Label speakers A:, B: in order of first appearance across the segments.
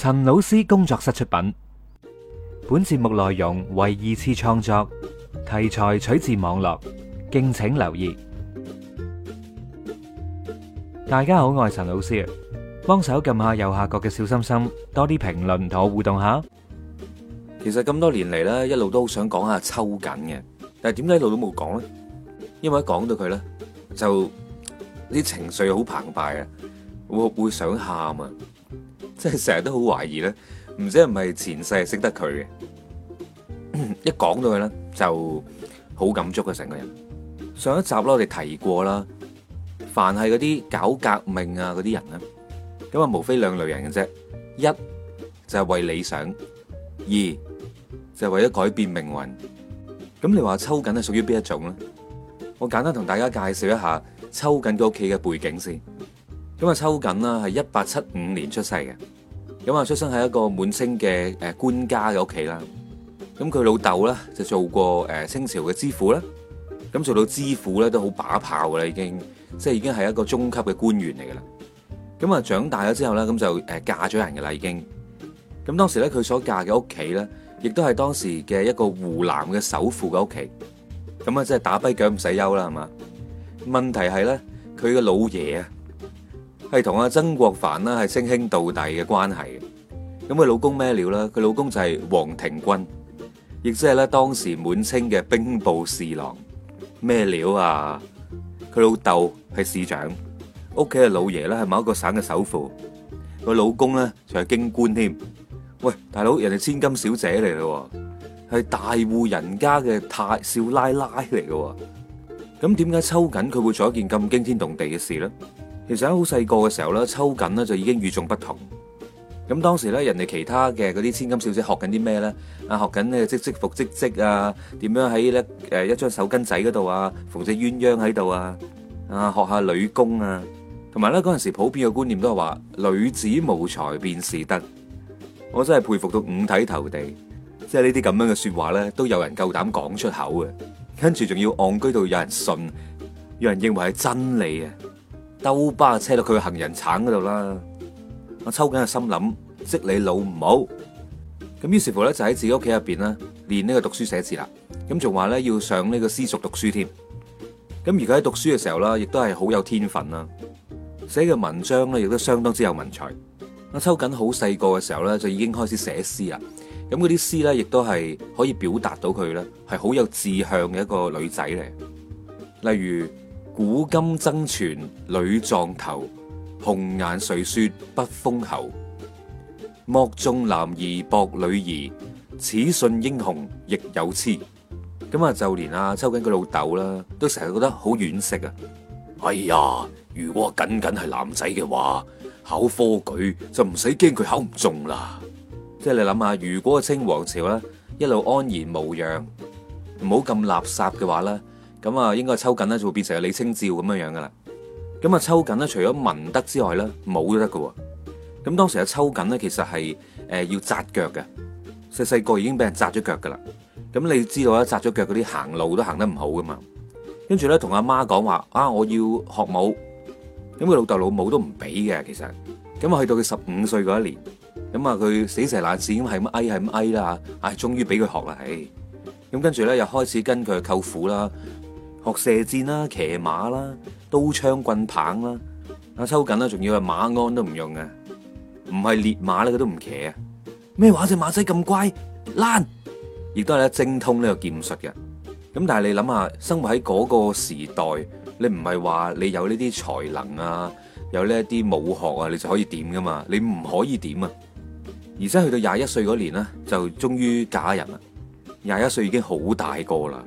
A: 陳老師工作室出品，本節目內容為二次創作，題材取自網絡，敬請留意。大家好，我係陳老師啊，幫手撳下右下角嘅小心心，多啲評論同我互動下。其實咁多年嚟咧，一路都好想講下秋瑾嘅，但係點解一路都冇講咧？因為一講到佢咧，就啲情緒好澎湃啊，會會想喊啊！即係成日都好懷疑咧，唔知係咪前世係識得佢嘅。一講到佢咧，就好感觸嘅成個人。上一集啦，我哋提過啦，凡係嗰啲搞革命啊嗰啲人咧，咁啊無非兩類人嘅啫，一就係為理想，二就係為咗改變命運。咁你話秋瑾係屬於邊一種咧？我簡單同大家介紹一下秋瑾個屋企嘅背景先。咁啊，秋瑾啦係一八七五年出世嘅。咁啊，出生喺一個滿清嘅誒官家嘅屋企啦。咁佢老豆咧就做過誒清朝嘅知府啦。咁做到知府咧都好把炮噶啦，已經即係已經係一個中級嘅官員嚟噶啦。咁啊，長大咗之後咧，咁就誒嫁咗人噶啦，已經。咁當時咧佢所嫁嘅屋企咧，亦都係當時嘅一個湖南嘅首富嘅屋企。咁啊，即係打跛腳唔使憂啦，係嘛？問題係咧，佢嘅老爺啊。係同阿曾國藩咧係稱兄道弟嘅關係，咁佢老公咩料咧？佢老公就係王廷鈞，亦即係咧當時滿清嘅兵部侍郎，咩料啊？佢老豆係市長，屋企嘅老爺咧係某一個省嘅首富，佢老公咧仲係京官添。喂，大佬，人哋千金小姐嚟嘅，係大戶人家嘅太少奶奶嚟嘅，咁點解秋瑾佢會做一件咁驚天動地嘅事咧？其實喺好細個嘅時候咧，秋瑾咧就已經與眾不同。咁當時咧，人哋其他嘅嗰啲千金小姐學緊啲咩咧？啊，學緊咧織織服織織啊，點樣喺咧誒一張手巾仔嗰度啊，縫隻、啊、鴛鴦喺度啊，啊，學下女工啊，同埋咧嗰陣時普遍嘅觀念都係話女子無才便是德，我真係佩服到五體投地。即係呢啲咁樣嘅說話咧，都有人夠膽講出口嘅，跟住仲要戇居到有人信，有人認為係真理啊！兜巴車到佢嘅行人橙嗰度啦！阿秋瑾心諗，即你老母咁，於是乎咧就喺自己屋企入邊呢練呢個讀書寫字啦，咁仲話咧要上呢個私塾讀書添。咁而家喺讀書嘅時候啦，亦都係好有天分啦，寫嘅文章咧亦都相當之有文采。阿秋瑾好細個嘅時候咧，就已經開始寫詩啦。咁嗰啲詩咧，亦都係可以表達到佢咧，係好有志向嘅一個女仔嚟。例如。古今爭傳女狀頭，紅顏誰說不封侯？莫重男兒薄女兒，此信英雄亦有雌。咁啊，就連啊秋瑾佢老豆啦，都成日覺得好惋惜啊！哎呀，如果僅僅係男仔嘅話，考科舉就唔使驚佢考唔中啦。即係你諗下，如果清王朝咧一路安然無恙，唔好咁垃圾嘅話咧。咁啊，應該秋瑾咧，就會變成李清照咁樣樣噶啦。咁啊，秋瑾咧，除咗文得之外咧，武都得噶喎。咁當時嘅秋瑾咧，其實係誒、呃、要紮腳嘅，細細個已經俾人紮咗腳噶啦。咁你知道咧，紮咗腳嗰啲行路都行得唔好噶嘛。呢跟住咧，同阿媽講話啊，我要學武。咁佢老豆老母都唔俾嘅，其實。咁啊，去到佢十五歲嗰一年，咁啊，佢死蛇爛子咁係咁哀係咁哀啦，唉、嗯哎，終於俾佢學啦，唉、哎。咁跟住咧，又開始跟佢舅父啦。學射箭啦、騎馬啦、刀槍棍棒啦、啊秋瑾啦，仲要係馬鞍都唔用嘅，唔係烈馬咧佢都唔騎啊！咩話隻馬仔咁乖，爛！亦都係咧精通呢個劍術嘅。咁但係你諗下，生活喺嗰個時代，你唔係話你有呢啲才能啊，有呢一啲武學啊，你就可以點噶嘛？你唔可以點啊！而且去到廿一歲嗰年呢，就終於嫁人啦。廿一歲已經好大個啦。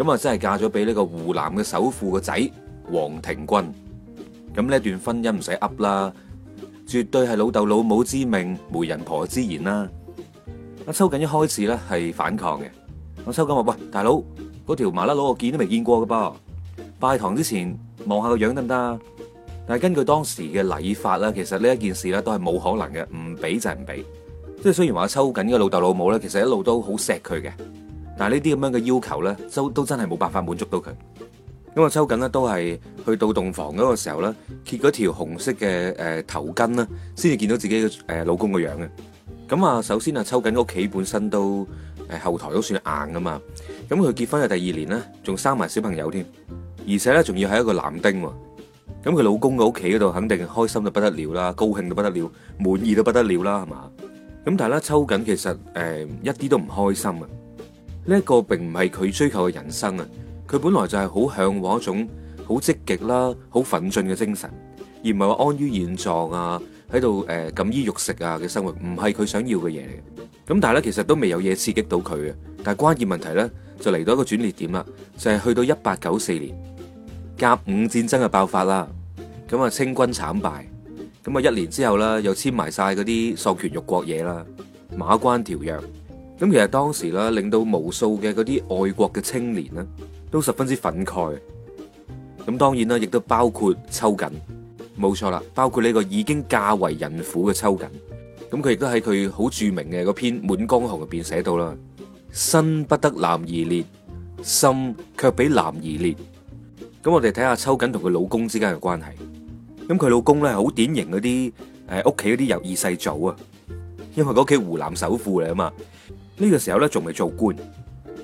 A: 咁啊，真係嫁咗俾呢個湖南嘅首富個仔黃庭君。咁呢段婚姻唔使噏啦，絕對係老豆老母之命，媒人婆之言啦。阿秋瑾一開始咧係反抗嘅，阿秋瑾話：喂，大佬，嗰條麻甩佬我見都未見過㗎噃！拜堂之前望下個樣得唔得？但係根據當時嘅禮法啦，其實呢一件事咧都係冇可能嘅，唔俾就唔俾。即係雖然話阿秋瑾嘅老豆老母咧，其實一路都好錫佢嘅。但係呢啲咁樣嘅要求咧，周都真係冇辦法滿足到佢。咁啊，秋瑾咧都係去到洞房嗰個時候咧，揭嗰條紅色嘅誒、呃、頭巾啦，先至見到自己嘅誒、呃、老公嘅樣嘅。咁、嗯、啊，首先啊，秋瑾屋企本身都誒、呃、後台都算硬噶嘛。咁、嗯、佢結婚嘅第二年咧，仲生埋小朋友添，而且咧仲要喺一個男丁。咁、嗯、佢老公嘅屋企嗰度肯定開心到不得了啦，高興到不得了，滿意到不得了啦，係嘛？咁、嗯、但係咧，秋瑾其實誒、呃、一啲都唔開心啊。呢、這、一個並唔係佢追求嘅人生啊！佢本來就係好向往一種好積極啦、好奮進嘅精神，而唔係話安於現狀啊，喺度誒錦衣玉食啊嘅生活，唔係佢想要嘅嘢。咁但係咧，其實都未有嘢刺激到佢嘅。但係關鍵問題咧，就嚟到一個轉捩點啦，就係、是、去到一八九四年甲午戰爭嘅爆發啦。咁啊，清軍慘敗，咁啊，一年之後啦，又簽埋晒嗰啲喪權辱國嘢啦，《馬關條約》。咁其實當時咧，令到無數嘅嗰啲愛國嘅青年咧，都十分之憤慨。咁當然啦，亦都包括秋瑾，冇錯啦，包括呢個已經嫁為人婦嘅秋瑾。咁佢亦都喺佢好著名嘅嗰篇《滿江紅》入邊寫到啦：身不得男兒烈，心卻比男兒烈。咁我哋睇下秋瑾同佢老公之間嘅關係。咁佢老公咧係好典型嗰啲誒屋企嗰啲有二世祖啊，因為佢屋企湖南首富嚟啊嘛。呢、這個時候咧仲未做官，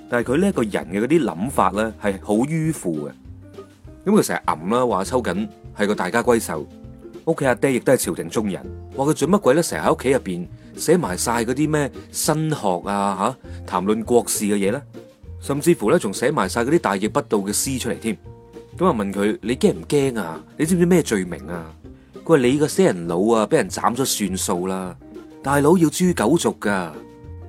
A: 但係佢呢一個人嘅嗰啲諗法咧係好迂腐嘅，咁佢成日揞啦，話秋瑾係個大家閨秀，屋企阿爹亦都係朝廷中人，話佢做乜鬼咧？成日喺屋企入邊寫埋晒嗰啲咩新學啊吓、啊，談論國事嘅嘢咧，甚至乎咧仲寫埋晒嗰啲大逆不道嘅詩出嚟添。咁啊問佢你驚唔驚啊？你知唔知咩罪名啊？佢話你個死人佬啊，俾人斬咗算數啦，大佬要誅九族噶、啊。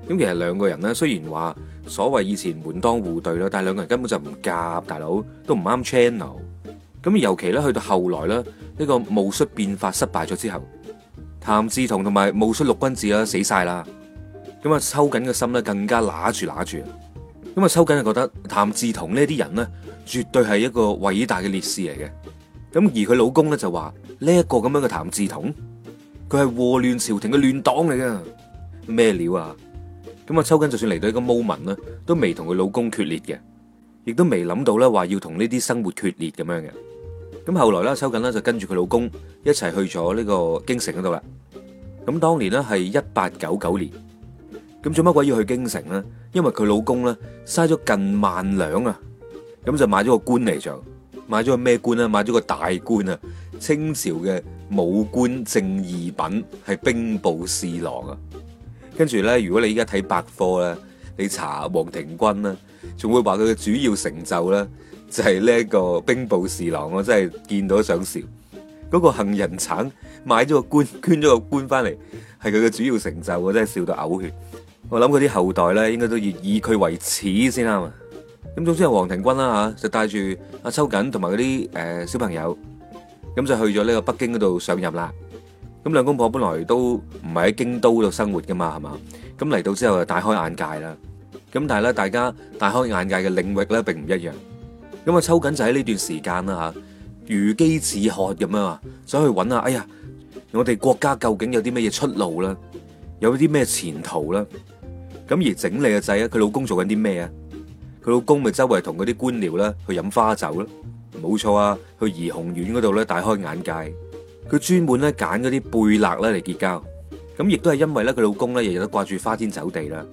A: 咁其實兩個人咧，雖然話所謂以前門當戶對啦，但係兩個人根本就唔夾，大佬都唔啱 channel。咁尤其咧去到後來咧，呢個戊戌變法失敗咗之後，譚嗣同同埋戊戌六君子啊死晒啦。咁啊，秋瑾嘅心咧更加揦住揦住。咁啊，秋瑾就覺得譚嗣同呢啲人咧，絕對係一個偉大嘅烈士嚟嘅。咁而佢老公咧就話呢一個咁樣嘅譚嗣同，佢係禍亂朝廷嘅亂黨嚟嘅，咩料啊！咁啊，秋瑾就算嚟到一個 moment 都未同佢老公決裂嘅，亦都未諗到咧話要同呢啲生活決裂咁樣嘅。咁後來秋瑾咧就跟住佢老公一齊去咗呢個京城嗰度啦。咁當年咧係一八九九年。咁做乜鬼要去京城咧？因為佢老公咧嘥咗近萬兩啊，咁就買咗個官嚟做，買咗個咩官呀？買咗個大官啊，清朝嘅武官正二品係兵部侍郎啊。跟住咧，如果你依家睇百科咧，你查王廷鈞啦，仲會話佢嘅主要成就咧，就係呢一個兵部侍郎，我真係見到想笑。嗰、嗰個杏仁橙買咗個官，捐咗個官翻嚟，係佢嘅主要成就，我真係笑到嘔血。我諗佢啲後代咧，應該都要以佢為恥先啱呀。咁總之係王廷鈞啦吓，就帶住阿秋瑾同埋嗰啲誒小朋友，咁就去咗呢個北京嗰度上任啦。咁兩公婆本來都唔係喺京都度生活噶嘛，係嘛？咁嚟到之後就大開眼界啦。咁但係咧，大家大開眼界嘅領域咧並唔一樣。咁啊，秋瑾就喺呢段時間啦吓，如飢似渴咁樣啊，想去揾下，哎呀，我哋國家究竟有啲咩嘢出路啦？有啲咩前途啦？咁而整理嘅仔咧，佢老公做緊啲咩啊？佢老公咪周圍同嗰啲官僚啦去飲花酒啦，冇錯啊，去怡紅院嗰度咧大開眼界。佢專門咧揀嗰啲貝勒咧嚟結交，咁亦都係因為咧佢老公咧日日都掛住花天酒地啦，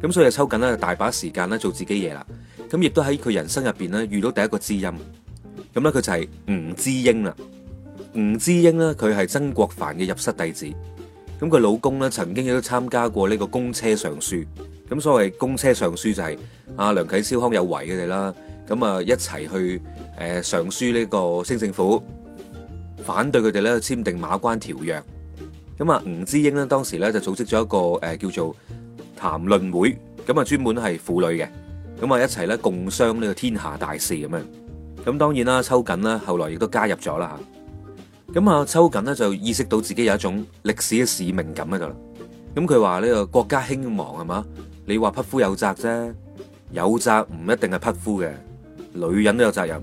A: 咁所以秋瑾咧大把時間咧做自己嘢啦，咁亦都喺佢人生入邊咧遇到第一個知音，咁咧佢就係吳芝瑛啦，吳芝瑛咧佢係曾國藩嘅入室弟子，咁佢老公咧曾經亦都參加過呢個公車上書，咁所謂公車上書就係阿梁啟超、康有為佢哋啦，咁啊一齊去誒上書呢個清政府。反對佢哋咧簽訂馬關條約，咁啊吳芝瑛咧當時咧就組織咗一個誒叫做談論會，咁啊專門係婦女嘅，咁啊一齊咧共商呢個天下大事咁樣，咁當然啦，秋瑾啦後來亦都加入咗啦吓，咁啊秋瑾呢就意識到自己有一種歷史嘅使命感喺度啦，咁佢話呢個國家興亡係嘛，你話匹夫有責啫，有責唔一定係匹夫嘅，女人都有責任。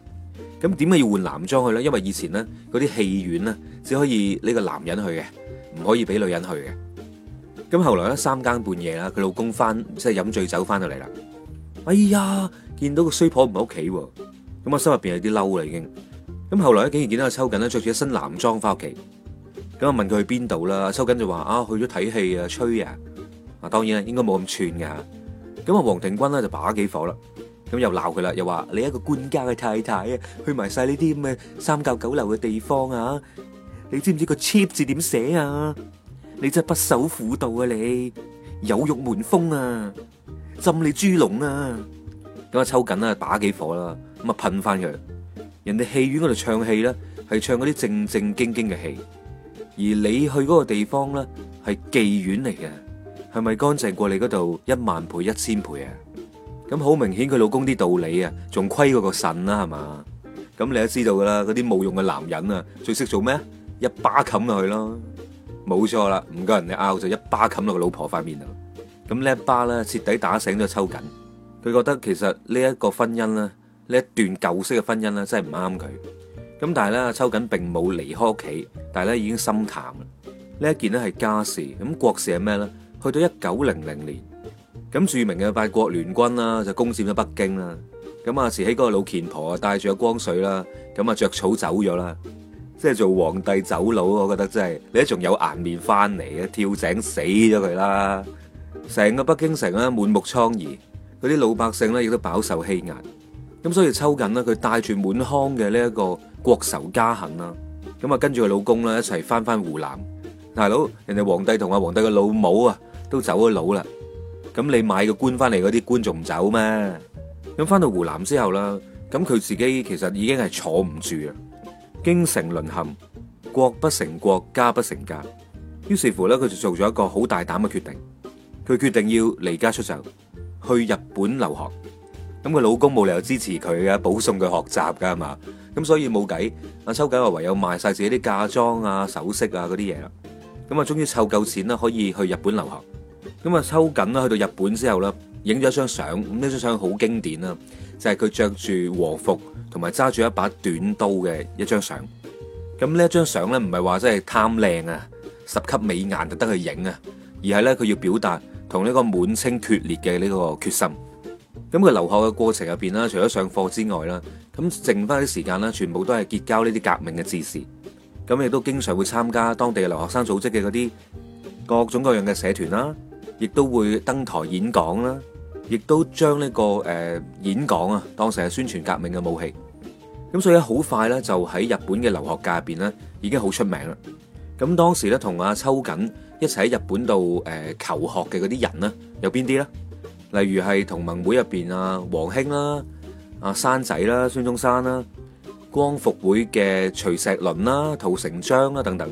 A: 咁點解要換男裝去咧？因為以前咧嗰啲戲院咧，只可以呢個男人去嘅，唔可以俾女人去嘅。咁後來咧三更半夜啦，佢老公翻即係飲醉酒翻到嚟啦。哎呀，見到個衰婆唔喺屋企喎，咁我心入面有啲嬲啦已經。咁後來竟然見到阿秋瑾咧着住一身男裝翻屋企，咁我問佢去邊度啦？秋瑾就話啊去咗睇戲啊，吹啊。啊當然咧應該冇咁串㗎。咁啊黃定軍咧就把幾火啦。咁又鬧佢啦，又話你一個官家嘅太太啊，去埋晒呢啲咁嘅三教九,九流嘅地方啊！你知唔知個 cheap 字點寫啊？你真係不守婦道啊！你有辱門風啊！浸你豬籠啊！咁、嗯、啊抽緊啦，打幾火啦，咁啊噴翻佢！人哋戲院嗰度唱戲咧，係唱嗰啲正正經經嘅戲，而你去嗰個地方咧，係妓院嚟嘅，係咪乾淨過你嗰度一萬倍、一千倍啊？咁好明顯佢老公啲道理啊，仲虧過個腎啦，係嘛？咁你都知道噶啦，嗰啲冇用嘅男人啊，最識做咩？一巴冚落去咯，冇錯啦，唔夠人哋拗就一巴冚落個老婆塊面度。咁呢一巴咧，徹底打醒咗秋瑾。佢覺得其實呢一個婚姻咧，呢一段舊式嘅婚姻咧，真係唔啱佢。咁但係咧，秋瑾並冇離開屋企，但係咧已經心淡啦。呢一件咧係家事，咁國事係咩咧？去到一九零零年。咁著名嘅八國聯軍啦，就攻佔咗北京啦。咁阿慈禧嗰個老乾婆啊，帶住個光緒啦，咁啊着草走咗啦。即係做皇帝走佬，我覺得真係你都仲有顏面翻嚟，跳井死咗佢啦。成個北京城咧，滿目瘡痍，嗰啲老百姓咧，亦都飽受欺壓。咁所以秋瑾呢，佢帶住滿腔嘅呢一個國仇家恨啦，咁啊跟住佢老公呢，一齊翻翻湖南。大佬，人哋皇帝同阿皇帝嘅老母啊都走咗佬啦。咁你買個官翻嚟，嗰啲官仲唔走咩？咁翻到湖南之後啦，咁佢自己其實已經係坐唔住啦。京城淪陷，國不成國，家不成家，於是乎咧，佢就做咗一個好大膽嘅決定，佢決定要離家出走，去日本留學。咁佢老公冇理由支持佢噶，保送佢學習噶係嘛？咁所以冇計，阿秋瑾話唯有賣晒自己啲嫁妝啊、首飾啊嗰啲嘢啦。咁啊，終於湊夠錢啦，可以去日本留學。咁啊，秋瑾啦！去到日本之後咧，影咗一張相，咁呢張相好經典啊，就係佢着住和服同埋揸住一把短刀嘅一張相。咁呢一張相咧，唔係話真係貪靚啊，十級美顏就得去影啊，而係咧佢要表達同呢個滿清決裂嘅呢個決心。咁佢留學嘅過程入邊啦，除咗上課之外啦，咁剩翻啲時間啦，全部都係結交呢啲革命嘅志士。咁亦都經常會參加當地嘅留學生組織嘅嗰啲各種各樣嘅社團啦。亦都會登台演講啦，亦都將呢個誒演講啊當成係宣傳革命嘅武器，咁所以好快咧就喺日本嘅留學界入邊咧已經好出名啦。咁當時咧同阿秋瑾一齊喺日本度誒求學嘅嗰啲人咧有邊啲咧？例如係同盟會入邊啊，黃興啦、阿山仔啦、孫中山啦、光復會嘅徐錫麟啦、陶成章啦等等。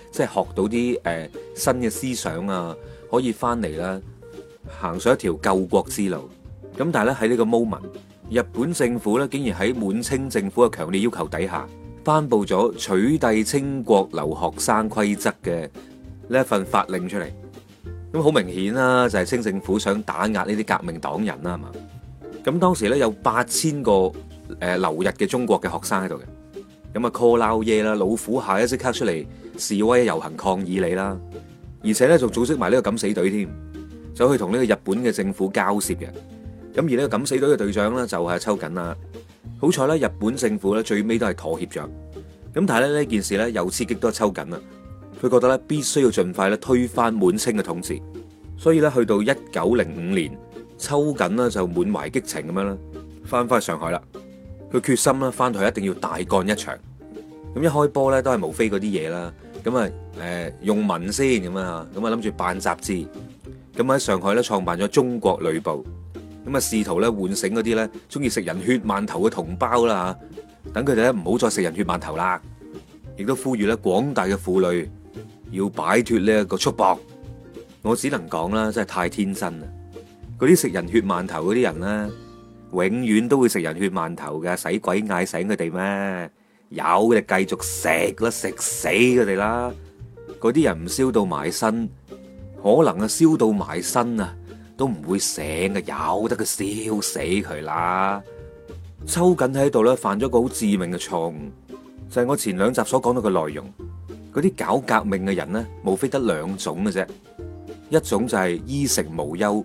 A: 即係學到啲、呃、新嘅思想啊，可以翻嚟啦，行上一條救國之路。咁但係咧喺呢個 moment，日本政府咧竟然喺滿清政府嘅強烈要求底下，頒布咗取締清國留學生規則嘅呢一份法令出嚟。咁好明顯啦，就係清政府想打壓呢啲革命黨人啦係嘛。咁當時咧有八千個呃、留日嘅中國嘅學生喺度嘅，咁啊 call out 啦，老虎一下一即刻出嚟。示威遊行抗議你啦，而且咧仲組織埋呢個敢死隊添，走去同呢個日本嘅政府交涉嘅。咁而呢個敢死隊嘅隊長咧就係秋瑾啦。好彩咧，日本政府咧最尾都係妥協咗。咁但係咧呢件事咧又刺激到秋瑾啦，佢覺得咧必須要盡快咧推翻滿清嘅統治。所以咧去到一九零五年，秋瑾咧就滿懷激情咁樣啦，翻翻去上海啦，佢決心啦翻到去一定要大幹一場。咁一開波咧，都係無非嗰啲嘢啦。咁啊，誒，用文先咁啊，咁啊，諗住辦雜誌。咁喺上海咧創辦咗《中國旅報》咁啊，試圖咧喚醒嗰啲咧中意食人血饅頭嘅同胞啦吓，等佢哋咧唔好再食人血饅頭啦。亦都呼籲咧廣大嘅婦女要擺脫呢一個束縛。我只能講啦，真係太天真啦！嗰啲食人血饅頭嗰啲人啦，永遠都會食人血饅頭嘅，使鬼嗌醒佢哋咩？有佢哋繼續食啦，食死佢哋啦！嗰啲人唔燒到埋身，可能啊燒到埋身啊都唔會醒嘅，由得佢燒死佢啦！秋瑾喺度咧犯咗個好致命嘅錯誤，就係我前兩集所講到嘅內容，嗰啲搞革命嘅人呢，無非得兩種嘅啫，一種就係衣食無憂，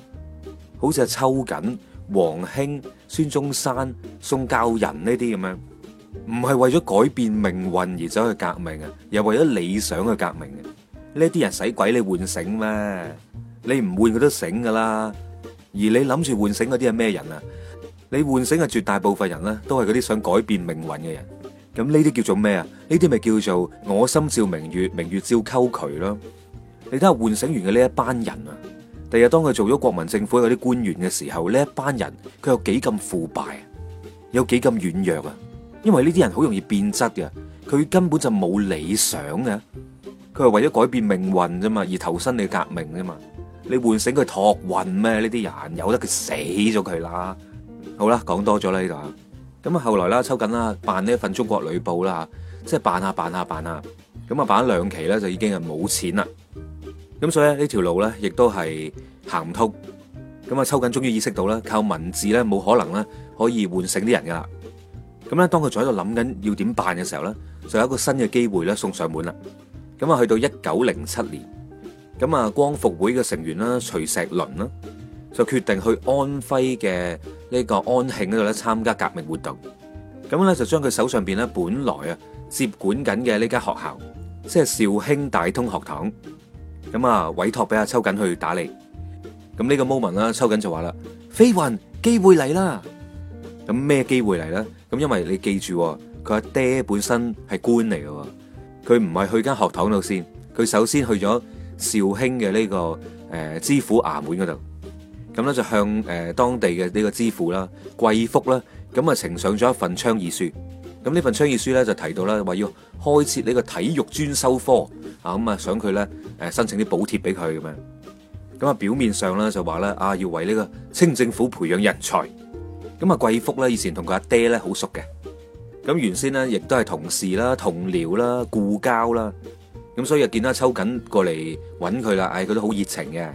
A: 好似阿秋瑾、黃興、孫中山、宋教仁呢啲咁樣。唔係為咗改變命運而走去革命啊，又為咗理想去革命啊！呢啲人使鬼你喚醒咩？你唔喚佢都醒㗎啦。而你諗住喚醒嗰啲係咩人啊？你喚醒嘅絕大部分人咧，都係嗰啲想改變命運嘅人。咁呢啲叫做咩啊？呢啲咪叫做我心照明月，明月照溝渠咯。你睇下喚醒完嘅呢一班人啊，第日當佢做咗國民政府嗰啲官員嘅時候，呢一班人佢有幾咁腐敗，有幾咁軟弱啊？因為呢啲人好容易變質嘅，佢根本就冇理想嘅，佢係為咗改變命運啫嘛，而投身你革命啫嘛，你喚醒佢托運咩？呢啲人由得佢死咗佢啦。好啦，講多咗啦呢度，咁啊後來啦，秋瑾啦，辦呢一份中國女報啦，即係辦下辦下辦下，咁啊辦兩期咧就已經係冇錢啦，咁所以呢條路咧亦都係行唔通，咁啊秋瑾終於意識到啦，靠文字咧冇可能咧可以喚醒啲人噶啦。咁咧，當佢仲喺度諗緊要點辦嘅時候咧，就有一個新嘅機會咧送上門啦。咁啊，去到一九零七年，咁啊，光復會嘅成員啦，徐錫麟啦，就決定去安徽嘅呢個安慶嗰度咧參加革命活動。咁咧就將佢手上邊咧本來啊接管緊嘅呢間學校，即係紹興大通學堂，咁啊委託俾阿秋瑾去打理。咁呢個 moment 啦，秋瑾就話啦：，飛云機會嚟啦，咁咩機會嚟咧？因為你記住佢阿爹本身係官嚟嘅佢唔係去間學堂度先，佢首先去咗紹興嘅呢個誒、呃、知府衙門嗰度，咁咧就向誒當地嘅呢個知府啦、貴福啦，咁啊呈上咗一份倡議書。咁呢份倡議書咧就提到咧話要開設呢個體育專修科啊，咁啊想佢咧誒申請啲補貼俾佢咁樣。咁啊表面上咧就話咧啊要為呢個清政府培養人才。咁啊，貴福咧以前同佢阿爹咧好熟嘅，咁原先咧亦都係同事啦、同僚啦、故交啦，咁所以又見到阿秋瑾過嚟揾佢啦，唉，佢都好熱情嘅，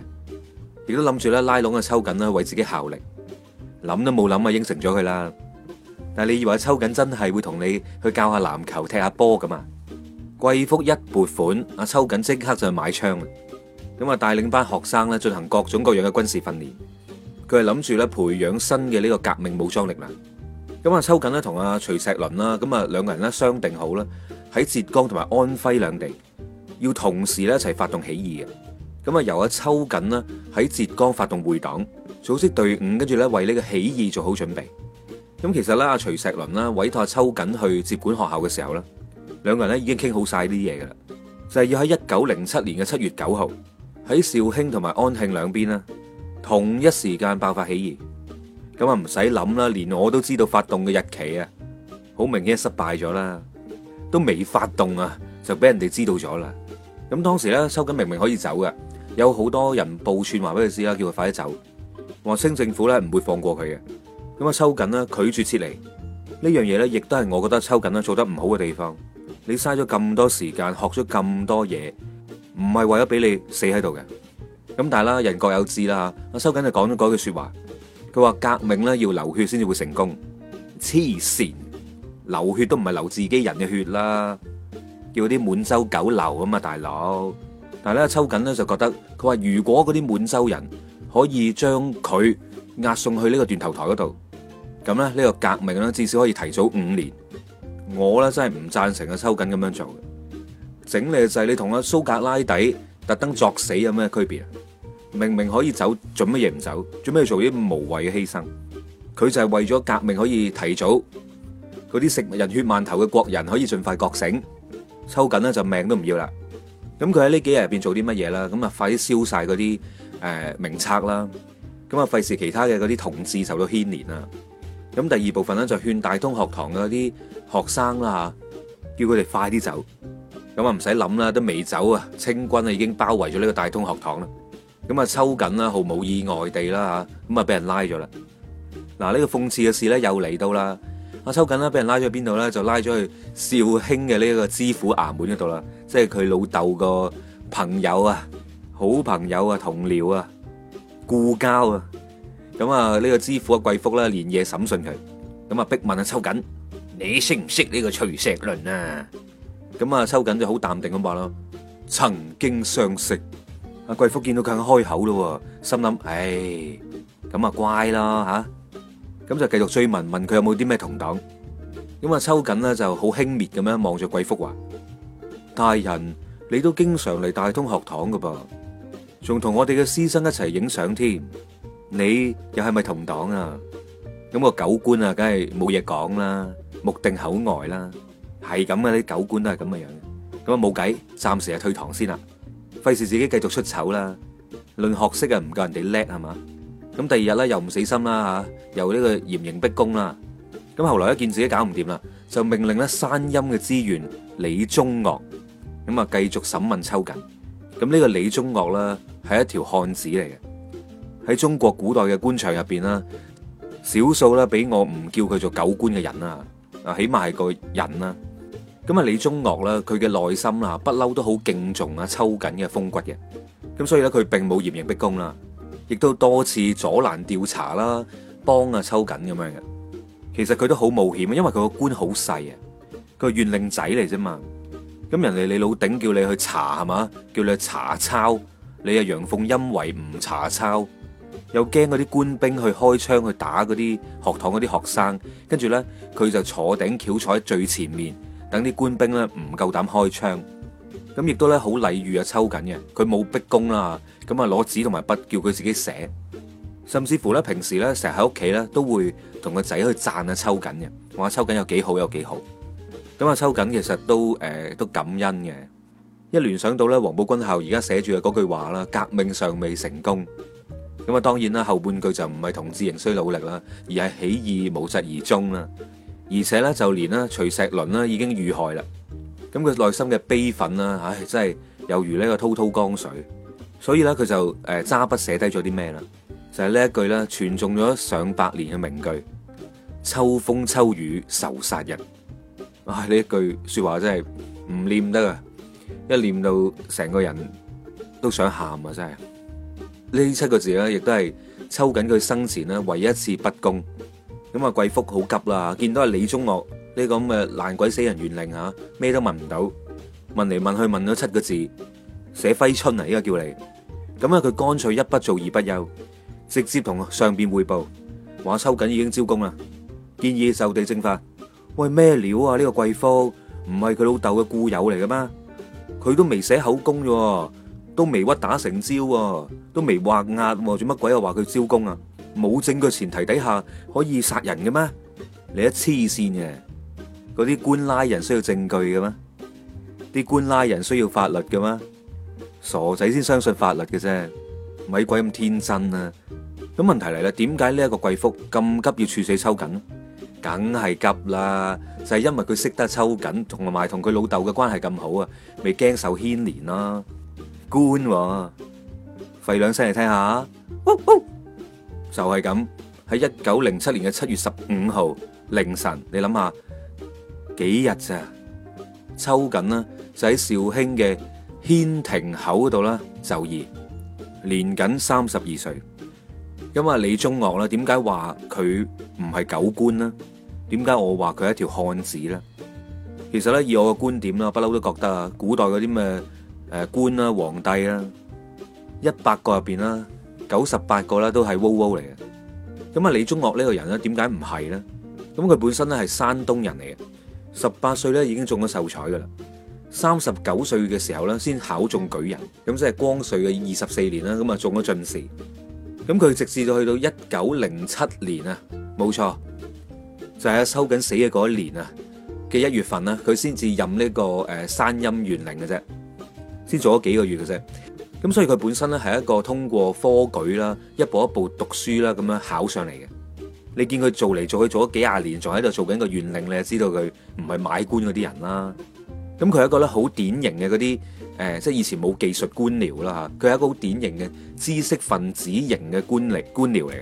A: 亦都諗住咧拉攏阿秋瑾啦為自己效力，諗都冇諗啊應承咗佢啦。但係你以為阿秋瑾真係會同你去教下籃球、踢球、踢下波噶嘛？貴福一撥款，阿秋瑾即刻就去買槍，咁啊帶領班學生咧進行各種各樣嘅軍事訓練。佢係諗住咧培養新嘅呢個革命武裝力量。咁啊，秋瑾咧同啊徐錫麟啦，咁啊兩個人咧商定好啦，喺浙江同埋安徽兩地要同時咧一齊發動起義嘅。咁啊，由啊秋瑾咧喺浙江發動會黨，組織隊伍，跟住咧為呢個起義做好準備。咁其實咧，阿徐錫麟啦委託阿秋瑾去接管學校嘅時候咧，兩個人咧已經傾好晒呢啲嘢噶啦，就係要喺一九零七年嘅七月九號喺紹興同埋安慶兩邊啦。同一時間爆發起義，咁啊唔使諗啦，連我都知道發動嘅日期啊，好明顯係失敗咗啦，都未發動啊就俾人哋知道咗啦。咁當時咧，秋瑾明明可以走嘅，有好多人報串話俾佢知啦，叫佢快啲走。話清政府咧唔會放過佢嘅，咁啊秋瑾呢拒絕撤離呢樣嘢咧，亦都係我覺得秋瑾呢做得唔好嘅地方。你嘥咗咁多時間，學咗咁多嘢，唔係為咗俾你死喺度嘅。咁但係啦，人各有志啦。阿秋瑾就講咗嗰句說話，佢話革命咧要流血先至會成功。黐線，流血都唔係流自己人嘅血啦，叫啲滿洲狗流咁，啊大佬。但係咧，秋瑾咧就覺得，佢話如果嗰啲滿洲人可以將佢押送去呢個斷頭台嗰度，咁咧呢個革命咧至少可以提早五年。我咧真係唔贊成阿秋瑾咁樣做嘅，整理就係你同阿蘇格拉底。特登作死有咩區別啊？明明可以走，做乜嘢唔走？做咩要做啲無謂嘅犧牲？佢就係為咗革命可以提早，嗰啲食人血饅頭嘅國人可以盡快覺醒，抽緊呢就命都唔要啦。咁佢喺呢幾日入邊做啲乜嘢啦？咁啊快啲燒晒嗰啲誒名冊啦，咁啊費事其他嘅嗰啲同志受到牽連啦。咁第二部分咧就勸、是、大通學堂嘅嗰啲學生啦吓，叫佢哋快啲走。咁啊，唔使諗啦，都未走啊，清軍啊已經包圍咗呢個大通學堂啦。咁啊，秋瑾啦毫無意外地啦吓，咁啊俾人拉咗啦。嗱、這、呢個諷刺嘅事咧又嚟到啦。阿秋瑾啦俾人拉咗去邊度咧？就拉咗去紹興嘅呢個知府衙門嗰度啦。即係佢老豆個朋友啊，好朋友啊，同僚啊，故交啊。咁啊，呢個知府啊貴福啦連夜審訊佢，咁啊逼問阿秋瑾，你識唔識呢個徐錫麟啊？咁啊，秋瑾就好淡定咁話咯。曾經相識，阿貴福見到佢肯開口咯，心諗唉，咁啊乖啦吓，咁就繼續追問問佢有冇啲咩同黨。咁啊，秋瑾呢就好輕蔑咁樣望住貴福話：大人，你都經常嚟大通學堂噶噃，仲同我哋嘅師生一齊影相添，你又係咪同黨啊？咁個狗官啊，梗係冇嘢講啦，目定口呆啦。係咁嘅，啲狗官都係咁嘅樣嘅，咁啊冇計，暫時係退堂先啦，費事自己繼續出醜啦。論學識啊，唔夠人哋叻係嘛？咁第二日咧又唔死心啦吓，又呢個嚴刑逼供啦。咁後來一見自己搞唔掂啦，就命令咧山陰嘅知縣李鍾嶽咁啊繼續審問秋瑾。咁呢個李鍾嶽咧係一條漢子嚟嘅，喺中國古代嘅官場入邊啦，少數啦俾我唔叫佢做狗官嘅人啦，啊起碼係個人啦。咁啊，李宗岳啦，佢嘅內心啊，不嬲都好敬重啊。秋瑾嘅風骨嘅，咁所以咧，佢並冇嚴刑逼供啦，亦都多次阻攔調查啦，幫啊秋瑾咁樣嘅。其實佢都好冒險啊，因為佢個官好細啊，個縣令仔嚟啫嘛。咁人哋你老頂叫你去查係嘛，叫你去查抄，你啊陽奉陰違唔查抄，又驚嗰啲官兵去開槍去打嗰啲學堂嗰啲學生，跟住咧佢就坐頂轎坐喺最前面。等啲官兵咧唔夠膽開槍，咁亦都咧好禮遇阿秋瑾嘅，佢冇逼供啦，咁啊攞紙同埋筆叫佢自己寫，甚至乎咧平時咧成日喺屋企咧都會同個仔去讚阿秋瑾嘅，話秋瑾有幾好，有幾好，咁啊秋瑾其實都誒都感恩嘅。一聯想到咧黃埔軍校而家寫住嘅嗰句話啦，革命尚未成功，咁啊當然啦，後半句就唔係同志仍需努力啦，而係起義無疾而終啦。而且咧，就連咧徐錫麟啦，已經遇害啦。咁佢內心嘅悲憤啦，唉、哎，真係猶如呢個滔滔江水。所以咧，佢就誒揸筆寫低咗啲咩啦？就係、是、呢一句啦，傳誦咗上百年嘅名句：秋風秋雨愁煞人。啊、哎，呢一句說話真係唔念得啊！一念到成個人都想喊啊！真係呢七個字咧，亦都係抽緊佢生前咧唯一一次不公。咁啊，貴福好急啦！見到阿李宗岳呢個咁嘅爛鬼死人怨靈，吓，咩都問唔到，問嚟問去問咗七個字，寫揮春啊！而家叫你，咁啊佢乾脆一不做二不休，直接同上邊匯報，話秋瑾已經招工啦，建議就地正法。喂，咩料啊？呢個貴福唔係佢老豆嘅故友嚟嘅咩？佢都未寫口供喎，都未屈打成招、啊，都未畫押，做乜鬼又話佢招工啊？冇證據前提底下可以殺人嘅咩？你一黐線嘅，嗰啲官拉人需要證據嘅咩？啲官拉人需要法律嘅咩？傻仔先相信法律嘅啫，咪鬼咁天真呀、啊！咁問題嚟啦，點解呢一個貴福咁急要處死秋瑾？梗係急啦，就係、是、因為佢識得秋瑾，同埋同佢老豆嘅關係咁好啊，未驚受牽連啦、啊。官、啊，廢兩聲嚟聽下。就係咁，喺一九零七年嘅七月十五號凌晨，你諗下幾日咋？秋瑾啦，就喺紹興嘅軒亭口嗰度啦，就義，年僅三十二歲。因為啊，李鍾岳啦，點解話佢唔係狗官呢？點解我話佢係一條漢子呢？其實咧，以我嘅觀點啦，不嬲都覺得啊，古代嗰啲咩誒官啦、皇帝啊，一百個入邊啦。九十八個啦，都係 wow wow 嚟嘅。咁啊，李鍾岳呢個人咧，點解唔係咧？咁佢本身咧係山東人嚟嘅，十八歲咧已經中咗秀才噶啦。三十九歲嘅時候咧，先考中舉人。咁即係光緒嘅二十四年啦。咁啊，中咗進士。咁佢直至到去到一九零七年啊，冇錯，就係阿秋瑾死嘅嗰一年啊嘅一月份啦，佢先至任呢個誒山陰縣令嘅啫，先做咗幾個月嘅啫。咁所以佢本身咧係一個通過科舉啦，一步一步讀書啦，咁樣考上嚟嘅。你見佢做嚟做去做咗幾廿年，仲喺度做緊個縣令，你就知道佢唔係買官嗰啲人啦。咁佢係一個咧好典型嘅嗰啲誒，即係以前冇技術官僚啦吓，佢係一個好典型嘅知識分子型嘅官吏官僚嚟嘅，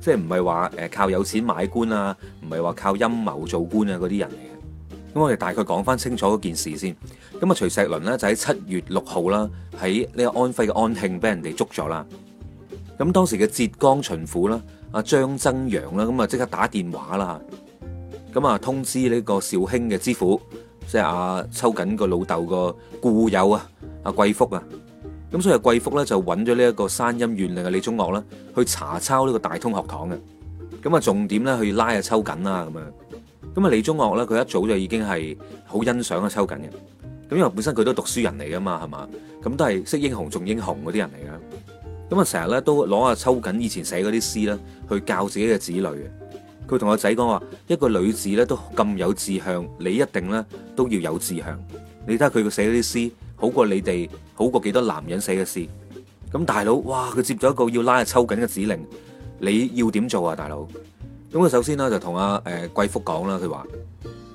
A: 即係唔係話誒靠有錢買官啊，唔係話靠陰謀做官啊嗰啲人。咁我哋大概講翻清楚嗰件事先。咁啊，徐石麟咧就喺七月六號啦，喺呢個安徽嘅安慶俾人哋捉咗啦。咁當時嘅浙江巡撫啦，阿張曾敭啦，咁啊即刻打電話啦，咁啊通知呢個紹興嘅知府，即係阿秋瑾個老豆個故友啊，阿貴福啊。咁所以貴福咧就揾咗呢一個山陰縣令嘅李鍾嶽啦，去查抄呢個大通學堂嘅。咁啊重點咧去拉啊秋瑾啦咁啊。咁啊，李鍾岳咧，佢一早就已經係好欣賞啊，秋瑾嘅。咁因為本身佢都讀書人嚟噶嘛，係嘛？咁都係識英雄重英雄嗰啲人嚟㗎。咁啊，成日咧都攞阿秋瑾以前寫嗰啲詩咧，去教自己嘅子女嘅。佢同個仔講話：一個女子咧都咁有志向，你一定咧都要有志向。你睇下佢嘅寫嗰啲詩，好過你哋，好過幾多男人寫嘅詩。咁大佬，哇！佢接咗一個要拉阿秋瑾嘅指令，你要點做啊，大佬？咁佢首先啦，就同阿誒貴福講啦，佢話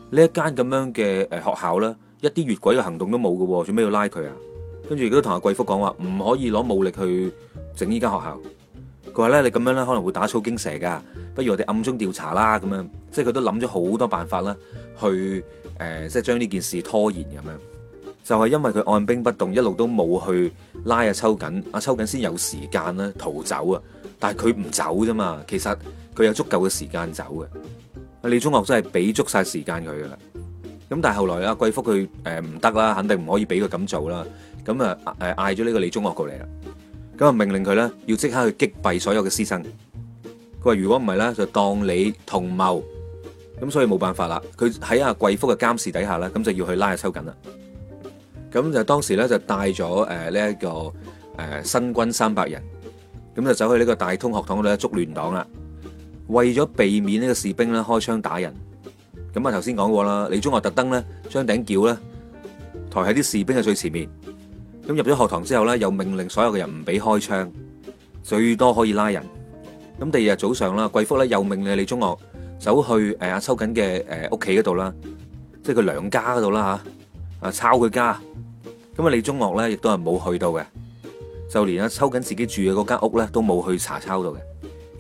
A: 呢一間咁樣嘅誒學校咧，一啲越軌嘅行動都冇嘅喎，做咩要拉佢啊？跟住佢都同阿貴福講話，唔可以攞武力去整呢間學校。佢話咧，你咁樣咧可能會打草驚蛇噶，不如我哋暗中調查啦。咁樣即係佢都諗咗好多辦法啦，去、呃、誒即係將呢件事拖延咁樣。就係、是、因為佢按兵不動，一路都冇去拉阿秋瑾，阿秋瑾先有時間咧逃走啊。但係佢唔走啫嘛，其實。佢有足夠嘅時間走嘅。李中岳真係俾足晒時間佢噶啦。咁但係後來啊，貴福佢誒唔得啦，肯定唔可以俾佢咁做啦。咁啊誒嗌咗呢個李中岳過嚟啦，咁啊命令佢咧要即刻去擊斃所有嘅師生。佢話：如果唔係咧，就當你同謀。咁所以冇辦法啦。佢喺阿貴福嘅監視底下咧，咁就要去拉下秋瑾啦。咁就當時咧就帶咗誒呢一個誒新軍三百人，咁就走去呢個大通學堂嗰度捉亂黨啦。為咗避免呢個士兵咧，開槍打人，咁啊頭先講過啦，李中岳特登咧將頂轎咧抬喺啲士兵嘅最前面。咁入咗學堂之後咧，又命令所有嘅人唔俾開槍，最多可以拉人。咁第二日早上啦，貴福咧又命令李中岳走去誒阿秋瑾嘅誒屋企嗰度啦，即係佢娘家嗰度啦吓，啊抄佢家。咁啊李中岳咧亦都係冇去到嘅，就連阿秋瑾自己住嘅嗰間屋咧都冇去查抄到嘅。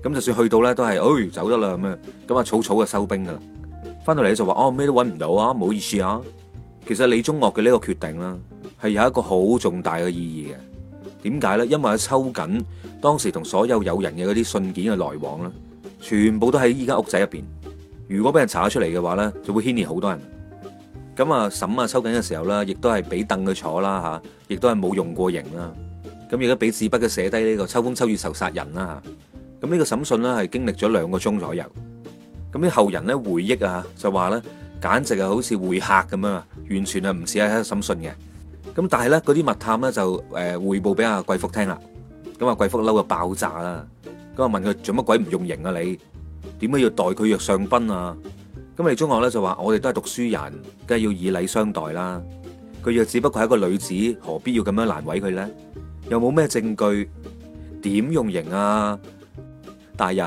A: 咁就算去到咧，都係，哎，走得啦咁樣，咁啊，草草就收兵噶啦。翻到嚟就話哦，咩都搵唔到啊，唔好意思啊。其實李鍾岳嘅呢個決定啦，係有一個好重大嘅意義嘅。點解咧？因為阿秋瑾當時同所有友人嘅嗰啲信件嘅來往咧，全部都喺依家屋仔入邊。如果俾人查出嚟嘅話咧，就會牽連好多人。咁、嗯、啊，審啊秋瑾嘅時候啦，亦都係俾凳佢坐啦吓，亦都係冇用過刑啦。咁亦都俾紙筆佢寫低呢個秋風秋雨愁煞人啦。咁、這、呢個審訊咧係經歷咗兩個鐘左右，咁啲後人咧回憶啊，就話咧簡直係好似會客咁啊，完全啊唔似係喺審訊嘅。咁但係咧嗰啲密探咧就誒匯報俾阿貴福聽啦，咁阿貴福嬲就爆炸啦，咁啊問佢做乜鬼唔用刑啊你，點解要待佢若上賓啊？咁李忠岳咧就話：我哋都係讀書人，梗係要以禮相待啦。佢若只不過係一個女子，何必要咁樣難為佢咧？又冇咩證據，點用刑啊？大人，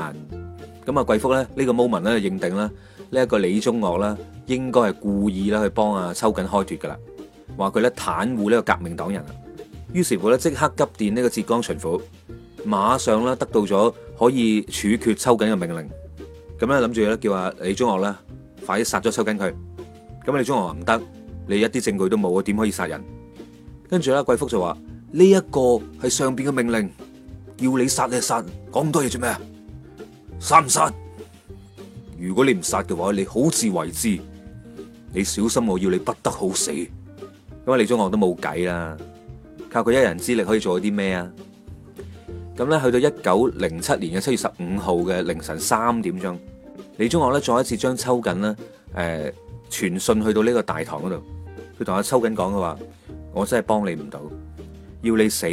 A: 咁啊，貴福咧，呢個毛文咧認定啦，呢一個李宗岳啦，應該係故意啦去幫阿秋瑾開脫噶啦，話佢咧袒護呢個革命黨人。於是乎咧，即刻急電呢個浙江巡撫，馬上咧得到咗可以處決秋瑾嘅命令。咁咧諗住咧叫阿李宗岳咧快啲殺咗秋瑾佢。咁李宗岳話唔得，你一啲證據都冇，我點可以殺人？跟住咧，貴福就話呢一個係上邊嘅命令，要你殺你就殺，講咁多嘢做咩啊？殺唔殺？如果你唔殺嘅話，你好自為之。你小心，我要你不得好死。咁啊，李鍾岳都冇計啦。靠佢一人之力可以做啲咩啊？咁咧，去到一九零七年嘅七月十五號嘅凌晨三點鐘，李鍾岳咧再一次將秋瑾咧誒傳信去到呢個大堂嗰度，佢同阿秋瑾講嘅話，我真係幫你唔到，要你死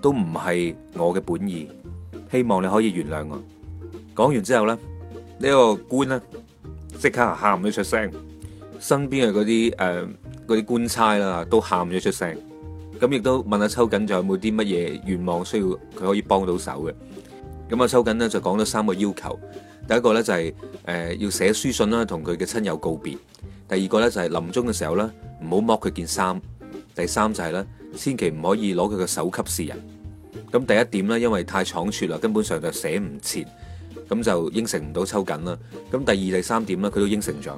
A: 都唔係我嘅本意，希望你可以原諒我。講完之後咧，呢、這個官咧即刻啊喊咗出聲，身邊嘅嗰啲誒啲官差啦都喊咗出聲，咁亦都問下秋瑾仲有冇啲乜嘢願望需要佢可以幫到手嘅，咁啊秋瑾呢，就講咗三個要求，第一個咧就係、是、誒、呃、要寫書信啦同佢嘅親友告別，第二個咧就係臨終嘅時候咧唔好剝佢件衫，第三就係、是、咧千祈唔可以攞佢嘅首級示人，咁第一點咧因為太倉促啦，根本上就寫唔切。咁就應承唔到秋瑾啦。咁第二、第三點啦，佢都應承咗。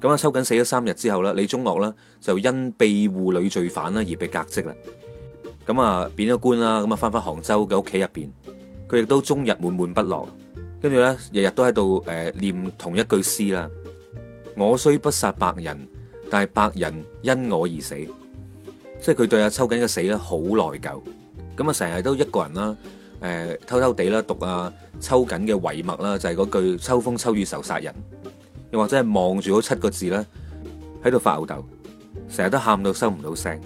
A: 咁啊，秋瑾死咗三日之後啦，李中岳啦就因庇護女罪犯啦而被革職啦。咁啊，變咗官啦，咁啊翻返杭州嘅屋企入面，佢亦都終日悶悶不樂。跟住咧日日都喺度誒念同一句詩啦：我雖不殺白人，但係白人因我而死。即係佢對阿秋瑾嘅死咧好內疚，咁啊成日都一個人啦。誒，偷偷地啦讀阿秋瑾嘅遺墨啦，就係嗰句秋風秋雨愁煞人，又或者係望住嗰七個字啦，喺度發吽哣，成日都喊到收唔到聲。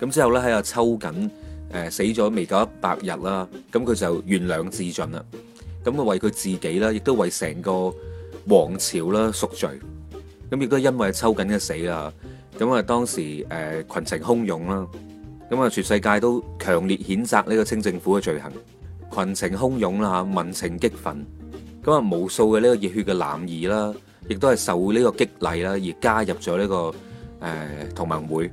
A: 咁之後咧喺阿秋瑾誒死咗未夠一百日啦，咁佢就懸梁自盡啦。咁啊為佢自己啦，亦都為成個王朝啦贖罪。咁亦都因為秋瑾嘅死啊，咁啊當時誒群情洶湧啦，咁啊全世界都強烈譴責呢個清政府嘅罪行。群情洶湧啦嚇，民情激憤，咁啊無數嘅呢個熱血嘅男兒啦，亦都係受呢個激勵啦而加入咗呢個誒同盟會，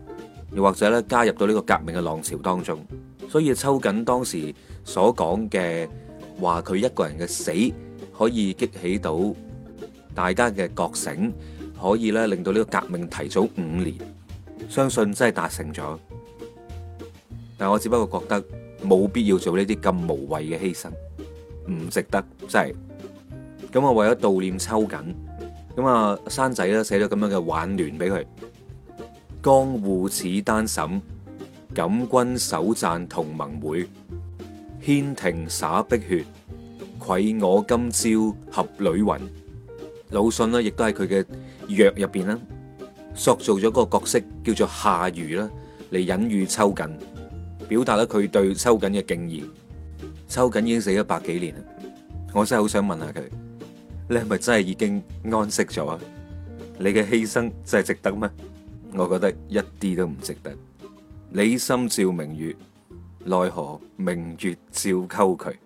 A: 又或者咧加入到呢個革命嘅浪潮當中。所以秋瑾當時所講嘅話，佢一個人嘅死可以激起到大家嘅覺醒，可以咧令到呢個革命提早五年，相信真係達成咗。但我只不過覺得，冇必要做呢啲咁無謂嘅犧牲，唔值得，真係。咁我為咗悼念秋瑾，咁啊，山仔咧寫咗咁樣嘅輓聯俾佢：江戶此丹沈，錦君首贊同盟會，軒亭灑碧血，愧我今朝俠女魂。魯迅呢亦都喺佢嘅藥入邊啦，塑造咗嗰個角色叫做夏瑜啦，嚟隱喻秋瑾。表達咗佢對秋瑾嘅敬意，秋瑾已經死咗百幾年啦，我真係好想問下佢，你係咪真係已經安息咗啊？你嘅犧牲真係值得咩？我覺得一啲都唔值得。你心照明月，奈何明月照溝渠。